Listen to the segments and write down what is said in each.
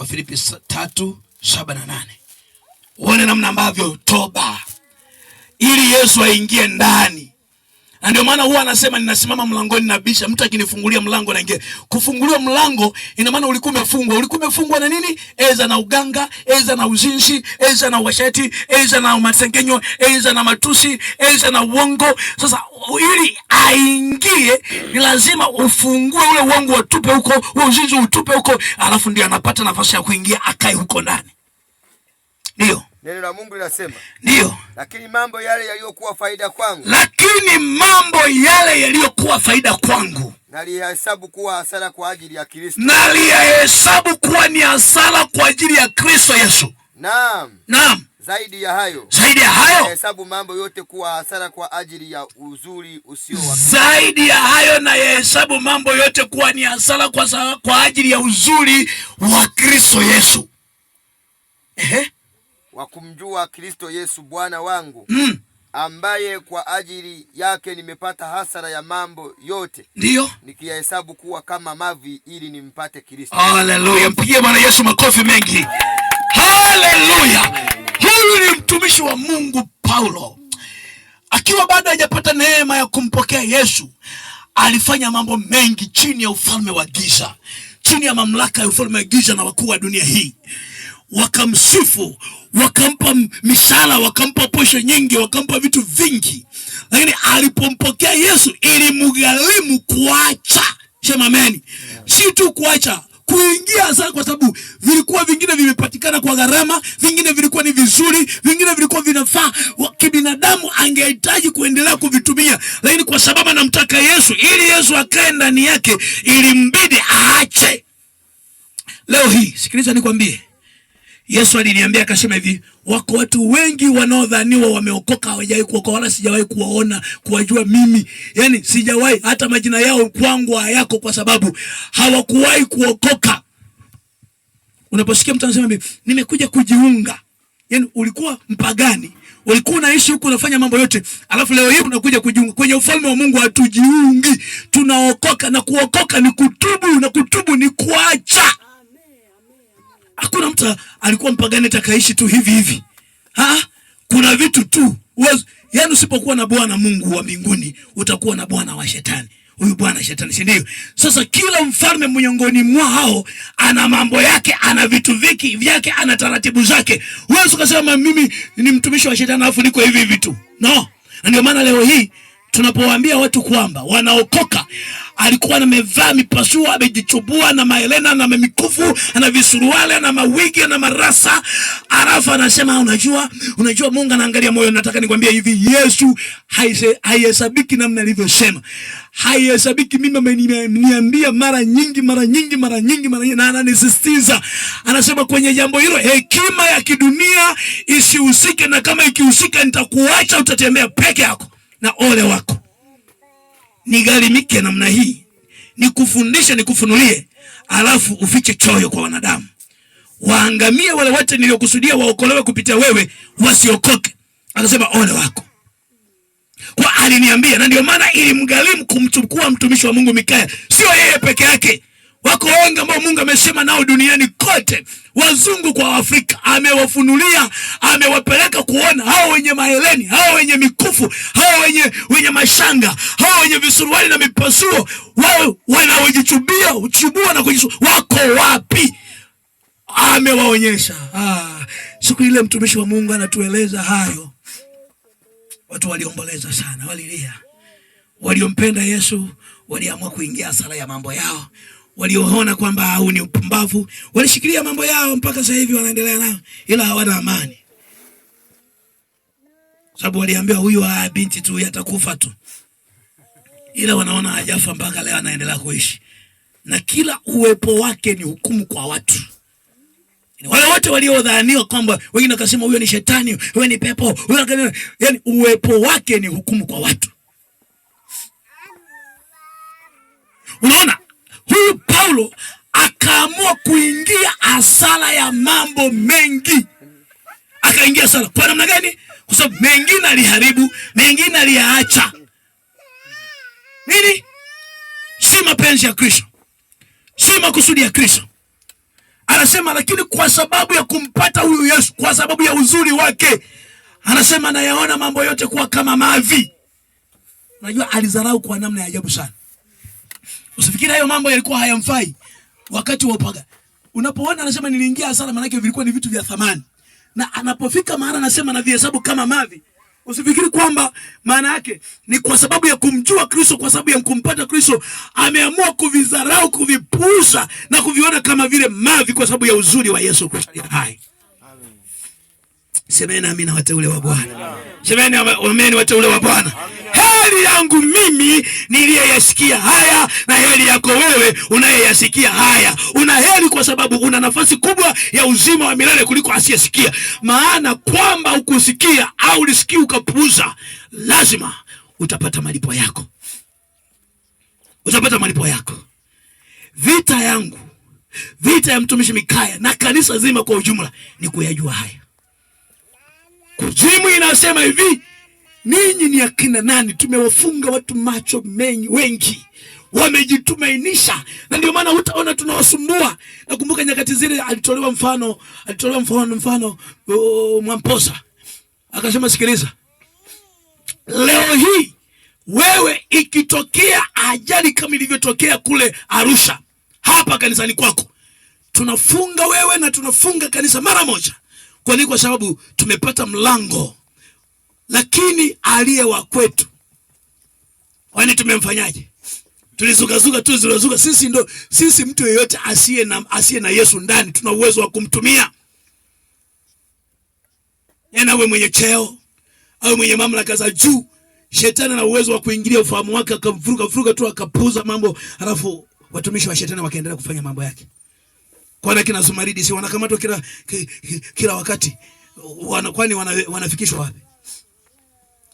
wa Filipi tatu saba na nane. Uone namna ambavyo toba ili Yesu aingie ndani na ndio maana huwa anasema ninasimama mlangoni na bisha, mtu akinifungulia mlango naingia. Kufunguliwa mlango ina maana ulikuwa umefungwa. Ulikuwa umefungwa na nini? Eza na uganga, eza na uzinzi, eza na washati, eza na masengenyo, eza na matusi, eza na uongo. Sasa ili aingie, ni lazima ufungue ule uongo, utupe huko, ule uzinzi utupe huko, alafu ndio anapata nafasi ya kuingia, akae huko ndani, ndio Neno la Mungu linasema ndio, lakini mambo yale yaliyokuwa faida kwangu, lakini mambo yale yaliyokuwa faida kwangu naliyahesabu kuwa hasara kwa ajili ya Kristo, naliyahesabu kuwa ni hasara kwa ajili ya Kristo Yesu. Naam, naam. Zaidi ya hayo, zaidi ya hayo nayahesabu mambo yote kuwa hasara kwa ajili ya uzuri usio wa Kristo. Zaidi ya hayo nayahesabu mambo yote kuwa ni hasara kwa, kwa ajili ya uzuri wa Kristo Yesu. Ehe wa kumjua Kristo Yesu Bwana wangu mm, ambaye kwa ajili yake nimepata hasara ya mambo yote, ndiyo nikiyahesabu kuwa kama mavi ili nimpate Kristo. Haleluya! Mpigie Bwana Yesu makofi mengi. Haleluya! Huyu ni mtumishi wa Mungu Paulo, akiwa bado hajapata neema ya kumpokea Yesu, alifanya mambo mengi chini ya ufalme wa giza, chini ya mamlaka ya ufalme wa giza na wakuu wa dunia hii wakamsifu, wakampa mishahara, wakampa posho nyingi, wakampa vitu vingi, lakini alipompokea Yesu ilimgharimu kuacha. Sema ameni. Si tu kuacha kuingia sana, kwa sababu vilikuwa vingine vimepatikana kwa gharama, vingine vilikuwa ni vizuri, vingine vilikuwa vinafaa kibinadamu, angehitaji kuendelea kuvitumia, lakini kwa sababu anamtaka Yesu, ili Yesu akae ndani yake, ilimbidi aache. Leo hii sikiliza, nikwambie Yesu aliniambia akasema hivi, wako watu wengi wanaodhaniwa wameokoka, hawajawahi kuokoka, wala sijawahi kuwaona kuwajua mimi, yani sijawahi hata majina yao kwangu hayako, kwa sababu hawakuwahi kuokoka. Unaposikia mtu anasema mimi nimekuja kujiunga, yani ulikuwa mpagani, ulikuwa unaishi huku unafanya mambo yote, alafu leo hii unakuja kujiunga kwenye ufalme wa Mungu. Hatujiungi, tunaokoka, na kuokoka ni kutubu, na kutubu ni kuacha Hakuna mtu alikuwa mpagani atakaishi tu hivi hivi ha? Kuna vitu tu uwezo, yani usipokuwa na Bwana Mungu wa mbinguni utakuwa na bwana wa shetani. Huyu bwana shetani, si ndio? Sasa kila mfalme miongoni mwao ana mambo yake, ana vitu viki vyake, ana taratibu zake. Huwezi ukasema mimi ni mtumishi wa shetani alafu niko hivi hivi tu, no. Na ndio maana leo hii tunapowaambia watu kwamba wanaokoka, alikuwa namevaa mipasua, amejichubua na maelena na mikufu na visuruale na mawigi na marasa, alafu anasema unajua, unajua Mungu anaangalia moyo. Nataka nikwambie hivi, Yesu haihesabiki namna alivyosema, haihesabiki. Mimi ameniambia mara nyingi mara nyingi mara nyingi mara nyingi, na ananisisitiza anasema kwenye jambo hilo, hekima ya kidunia isihusike, na kama ikihusika nitakuacha, utatembea peke yako na ole wako. Nigharimike namna hii, nikufundishe, nikufunulie, alafu ufiche choyo kwa wanadamu. Waangamie wale wote niliokusudia waokolewe kupitia wewe, wasiokoke. Akasema ole wako kwa aliniambia, na ndio maana ilimgharimu kumchukua mtumishi wa Mungu Mikaya, sio yeye peke yake Wako wengi ambao Mungu amesema nao duniani kote, wazungu kwa Waafrika, amewafunulia amewapeleka kuona hao wenye maheleni, hao wenye mikufu, hao wenye, wenye mashanga, hao wenye visuruali na mipasuo, wao wanaojichubia uchubua na kujisua, wako wapi? Amewaonyesha. Ah, siku ile mtumishi wa Mungu anatueleza hayo, watu waliomboleza sana, walilia. Waliompenda Yesu waliamua kuingia sala ya mambo yao walioona kwamba huu ni upumbavu walishikilia mambo yao mpaka sasa hivi wanaendelea nayo, ila hawana amani, sababu waliambiwa huyu haya binti tu yatakufa tu, ila wanaona hajafa mpaka leo, anaendelea kuishi na kila uwepo wake ni hukumu kwa watu wale wote waliodhaniwa kwamba wengine wakasema huyo ni shetani, huyo ni pepo, huyo yani, uwepo wake ni hukumu kwa watu. Unaona, huyu Paulo akaamua kuingia hasara ya mambo mengi, akaingia hasara kwa namna gani? Kwa sababu mengine aliharibu, mengine aliyaacha. Nini? Si mapenzi ya Kristo, si makusudi ya Kristo. Anasema lakini kwa sababu ya kumpata huyu Yesu, kwa sababu ya uzuri wake, anasema nayaona mambo yote kuwa kama mavi. Unajua, alidharau kwa namna ya ajabu sana. Usifikiri hayo mambo yalikuwa hayamfai wakati wa upaga. Unapoona anasema niliingia hasara, maana vilikuwa ni vitu vya thamani, na anapofika maana anasema na vihesabu kama mavi. Usifikiri kwamba maana yake ni kwa sababu ya kumjua Kristo, kwa sababu ya kumpata Kristo, ameamua kuvidharau, kuvipuuza na kuviona kama vile mavi, kwa sababu ya uzuri wa Yesu Kristo aliye hai. Semeni amina, wateule wa Bwana. Semeni amen, wateule wa Bwana heri yangu mimi niliyeyasikia haya na heri yako wewe unayeyasikia haya. Una heri kwa sababu una nafasi kubwa ya uzima wa milele kuliko asiyesikia, maana kwamba ukusikia au ulisikia ukapuuza, lazima utapata malipo yako, utapata malipo yako. Vita yangu, vita ya mtumishi Mikaya na kanisa zima kwa ujumla ni kuyajua haya. Kuzimu inasema hivi Ninyi ni akina nani? Tumewafunga watu macho mengi, wengi wamejitumainisha, na ndio maana utaona tunawasumbua. Nakumbuka nyakati zile alitolewa mfano, alitolewa mfano, mfano oh, Mwamposa akasema, sikiliza, leo hii wewe ikitokea ajali kama ilivyotokea kule Arusha, hapa kanisani kwako tunafunga wewe na tunafunga kanisa mara moja, nini? kwa sababu tumepata mlango lakini aliye wa kwetu, wani tumemfanyaje? Tulizugazuga tu zugazuga sisi, ndo sisi. Mtu yeyote asiye na, asiye na Yesu ndani tuna uwezo wa kumtumia yana, awe mwenye cheo awe mwenye mamlaka za juu. Shetani ana uwezo wa kuingilia ufahamu wake akamvuruga vuruga tu akapuuza mambo, alafu watumishi wa shetani wakaendelea kufanya mambo yake. Kwana kina Zumaridi si wanakamatwa kila, kila, wakati wana, kwani wanafikishwa wana wapi?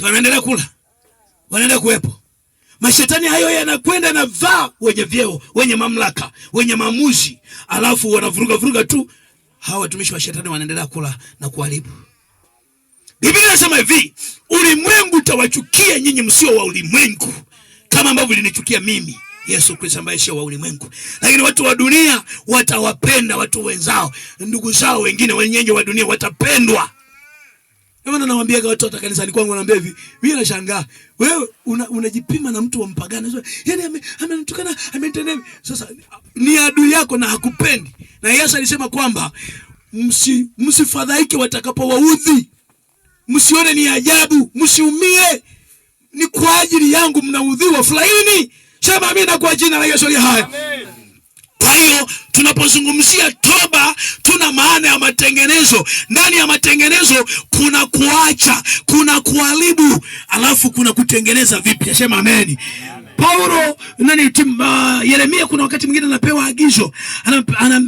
Sasa wanaendelea kula, wanaenda kuwepo. Mashetani hayo yanakwenda na vaa wenye vyeo, wenye mamlaka, wenye maamuzi, alafu wanavuruga vuruga tu. Hawa watumishi wa shetani wanaendelea kula na kuharibu. Biblia inasema hivi, ulimwengu utawachukia nyinyi msio wa ulimwengu, kama ambavyo ulinichukia mimi Yesu Kristo ambaye sio wa ulimwengu. Lakini watu wa dunia watawapenda watu wenzao, ndugu zao wengine, wenyeji wa dunia watapendwa ndio maana nawaambiaga watoto kanisani kwangu naambia hivi, mimi nashangaa. Wewe unajipima una na mtu wa mpagani. So, yaani amenitukana, ame amenitendea. Sasa ni adui yako na hakupendi. Na Yesu alisema kwamba msi msifadhaike watakapowaudhi. Msione ni ajabu, msiumie. Ni kwa ajili yangu mnaudhiwa, furahini. Sema amina kwa jina la Yesu aliye hai. Kwa hiyo tunapozungumzia toba, tuna maana ya matengenezo. Ndani ya matengenezo kuna kuacha, kuna kuharibu, alafu kuna kutengeneza vipya. Sema ameni. Paulo nani tim, uh, Yeremia kuna wakati mwingine anapewa agizo,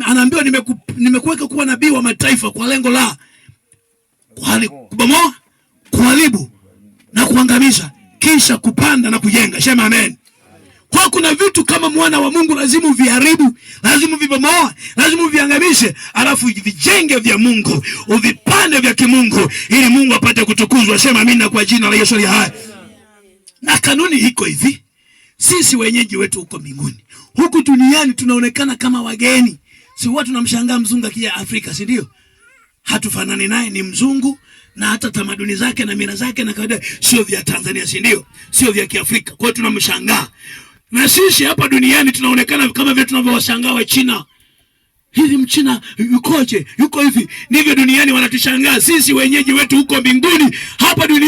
anaambiwa nimeku, nimekuweka kuwa nabii wa mataifa kwa lengo la kubomoa, kuharibu na kuangamiza, kisha kupanda na kujenga. Sema amen. Kwa kuna vitu kama mwana wa Mungu lazima uviharibu, lazima uvibomoa, lazima uviangamishe, alafu vijenge vya Mungu, uvipande vya kimungu, ili Mungu apate kutukuzwa. Sema amina kwa jina la Yesu hai. Na kanuni iko hivi, sisi wenyeji wetu huko mbinguni, huku duniani tunaonekana kama wageni. Si watu tunamshangaa mzungu akija Afrika, si ndio? Hatufanani naye, ni mzungu na hata tamaduni zake na mila zake na kawaida sio vya Tanzania, si ndio? Sio vya Kiafrika, kwa hiyo tunamshangaa. Na sisi hapa duniani tunaonekana kama vile tunavyowashangaa Wachina, hivi mchina yukoje, yuko hivi. Ndivyo duniani wanatushangaa sisi, wenyeji wetu huko mbinguni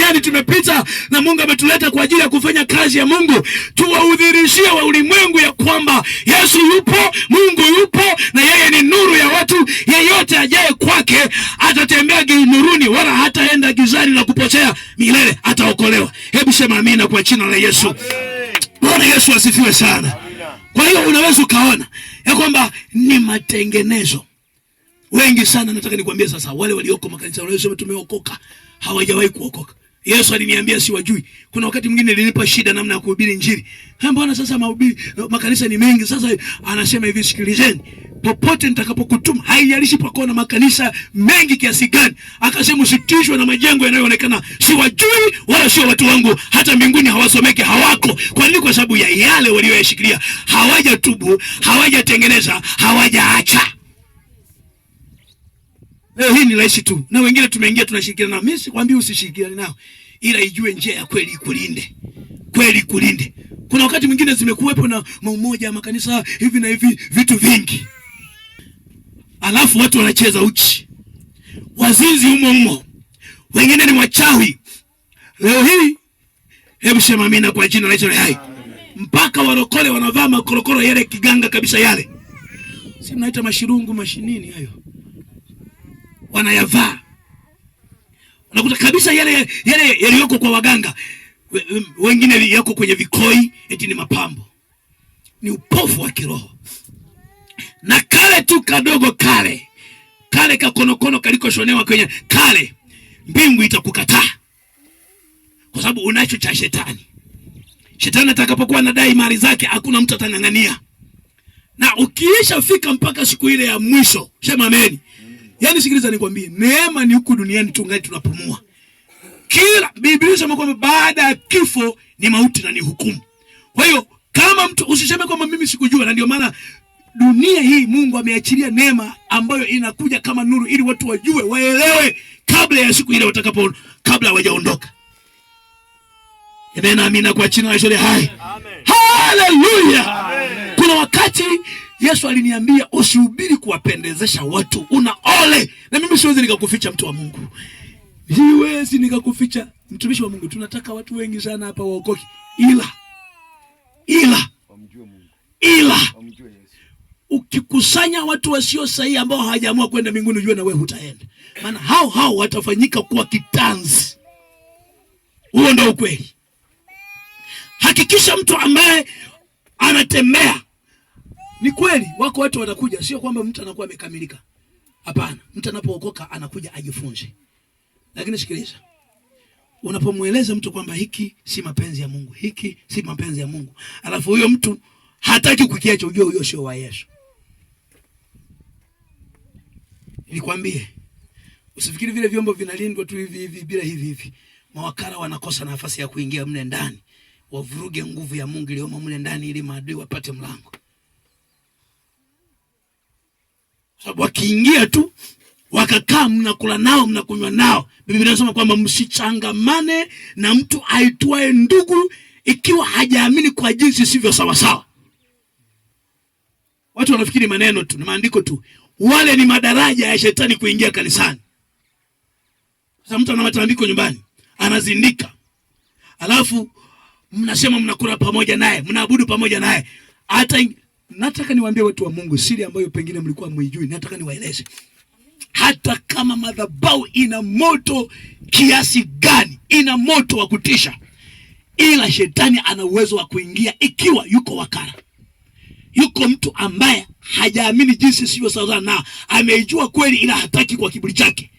duniani tumepita na Mungu ametuleta kwa ajili ya kufanya kazi ya Mungu, tuwaudhirishie wa ulimwengu ya kwamba Yesu yupo, Mungu yupo na yeye ni nuru ya watu. Yeyote ajaye kwake atatembea nuruni, wala hataenda gizani la kupotea milele, ataokolewa. Hebu sema amina kwa jina la Yesu. Bwana Yesu asifiwe sana. Kwa hiyo unaweza ukaona ya kwamba ni matengenezo wengi sana. Nataka nikwambie sasa, wale walioko makanisa wanaosema tumeokoka hawajawahi kuokoka. Yesu aliniambia siwajui. Kuna wakati mwingine nilinipa shida namna ya kuhubiri Injili. Eh, mbona sasa mahubiri eh, makanisa ni mengi? Sasa anasema hivi, sikilizeni, popote nitakapokutuma, haijalishi pakuwa na makanisa mengi kiasi gani. Akasema usitishwe na majengo yanayoonekana, siwajui wala sio watu wangu, hata mbinguni hawasomeke, hawako. Kwa nini? Kwa sababu ya yale walioyashikilia. Hawajatubu, hawajatengeneza, hawajaacha Leo hii ni rahisi tu na wengine tumeingia tunashirikiana. Mimi sikwambii usishirikiane nao, ila ijue njia ya kweli kulinde, kweli kulinde. Kuna wakati mwingine zimekuwepo na maumoja ya makanisa hivi na hivi vitu vingi, alafu watu wanacheza uchi, wazinzi humo humo, wengine ni wachawi. Leo hii hebu sema amina kwa jina la Yesu hai. Mpaka warokole wanavaa makorokoro yale kiganga kabisa yale, si mnaita mashirungu mashinini hayo wanayavaa, unakuta kabisa yale yale yaliyoko kwa waganga wengine yako kwenye vikoi, eti ni mapambo. Ni upofu wa kiroho. Na kale tu kadogo kale kale kakonokono kalikoshonewa kwenye kale, mbingu itakukataa kwa sababu unacho cha shetani. Shetani atakapokuwa anadai mali zake, hakuna mtu atang'ang'ania, na ukiisha fika mpaka siku ile ya mwisho, sema ameni. Yaani sikiliza nikwambie, neema ni huku duniani tungali tunapumua. Kila Biblia inasema kwamba baada ya kifo ni mauti na ni hukumu. Kwa hiyo kama mtu usiseme kwamba mimi sikujua, na ndio maana dunia hii Mungu ameachilia neema ambayo inakuja kama nuru ili watu wajue, waelewe kabla ya siku ile watakapo, kabla hawajaondoka. Amen, amina kwa chini na shule hai. Amen. Haleluya. Kuna wakati Yesu aliniambia usihubiri kuwapendezesha watu, una ole. Na mimi siwezi nikakuficha, mtu wa Mungu, siwezi nikakuficha, mtumishi wa Mungu. Tunataka watu wengi sana hapa waokoke, ila ila ila ukikusanya watu wasio sahihi ambao hawajaamua kwenda mbinguni, ujue na wewe hutaenda, maana hao hao watafanyika kuwa kitanzi. Huo ndio ukweli. Hakikisha mtu ambaye anatembea ni kweli wako watu watakuja, sio kwamba mtu anakuwa amekamilika. Hapana, mtu anapookoka anakuja ajifunze. Lakini sikiliza, unapomweleza mtu kwamba hiki si mapenzi ya Mungu, hiki si mapenzi ya Mungu, alafu huyo mtu hataki kukiacha, ujue huyo sio wa Yesu. Nikwambie, usifikiri vile vyombo vinalindwa tu hivi hivi bila hivi hivi. Mawakala wanakosa nafasi ya kuingia mle ndani, wavuruge nguvu ya Mungu iliyomo mle ndani, ili maadui wapate mlango. sababu wakiingia tu wakakaa, mnakula nao mnakunywa nao. Biblia inasema kwamba msichangamane na mtu aitwaye ndugu ikiwa hajaamini kwa jinsi sivyo sawasawa. Watu wanafikiri maneno tu na maandiko tu, wale ni madaraja ya shetani kuingia kanisani. Sasa mtu ana matandiko nyumbani anazindika, alafu mnasema mnakula pamoja naye, mnaabudu pamoja naye hata Nataka niwaambie watu wa Mungu siri ambayo pengine mlikuwa mwijui, nataka niwaeleze. Hata kama madhabahu ina moto kiasi gani, ina moto wa kutisha, ila shetani ana uwezo wa kuingia ikiwa yuko wakara, yuko mtu ambaye hajaamini jinsi sivyo sawa na ameijua kweli, ila hataki kwa kiburi chake.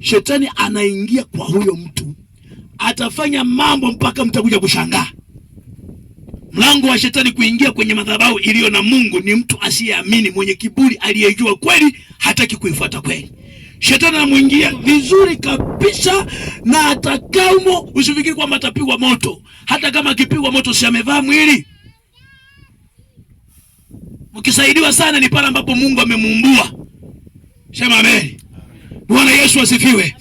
Shetani anaingia kwa huyo mtu, atafanya mambo mpaka mtakuja kushangaa Mlango wa shetani kuingia kwenye madhabahu iliyo na Mungu ni mtu asiyeamini, mwenye kiburi, aliyejua kweli hataki kuifuata kweli. Shetani anamwingia vizuri kabisa, na atakamo usifikiri kwamba atapigwa moto. Hata kama akipigwa moto, si amevaa mwili. Mkisaidiwa sana ni pale ambapo Mungu amemuumbua. Sema amen. Bwana Yesu asifiwe.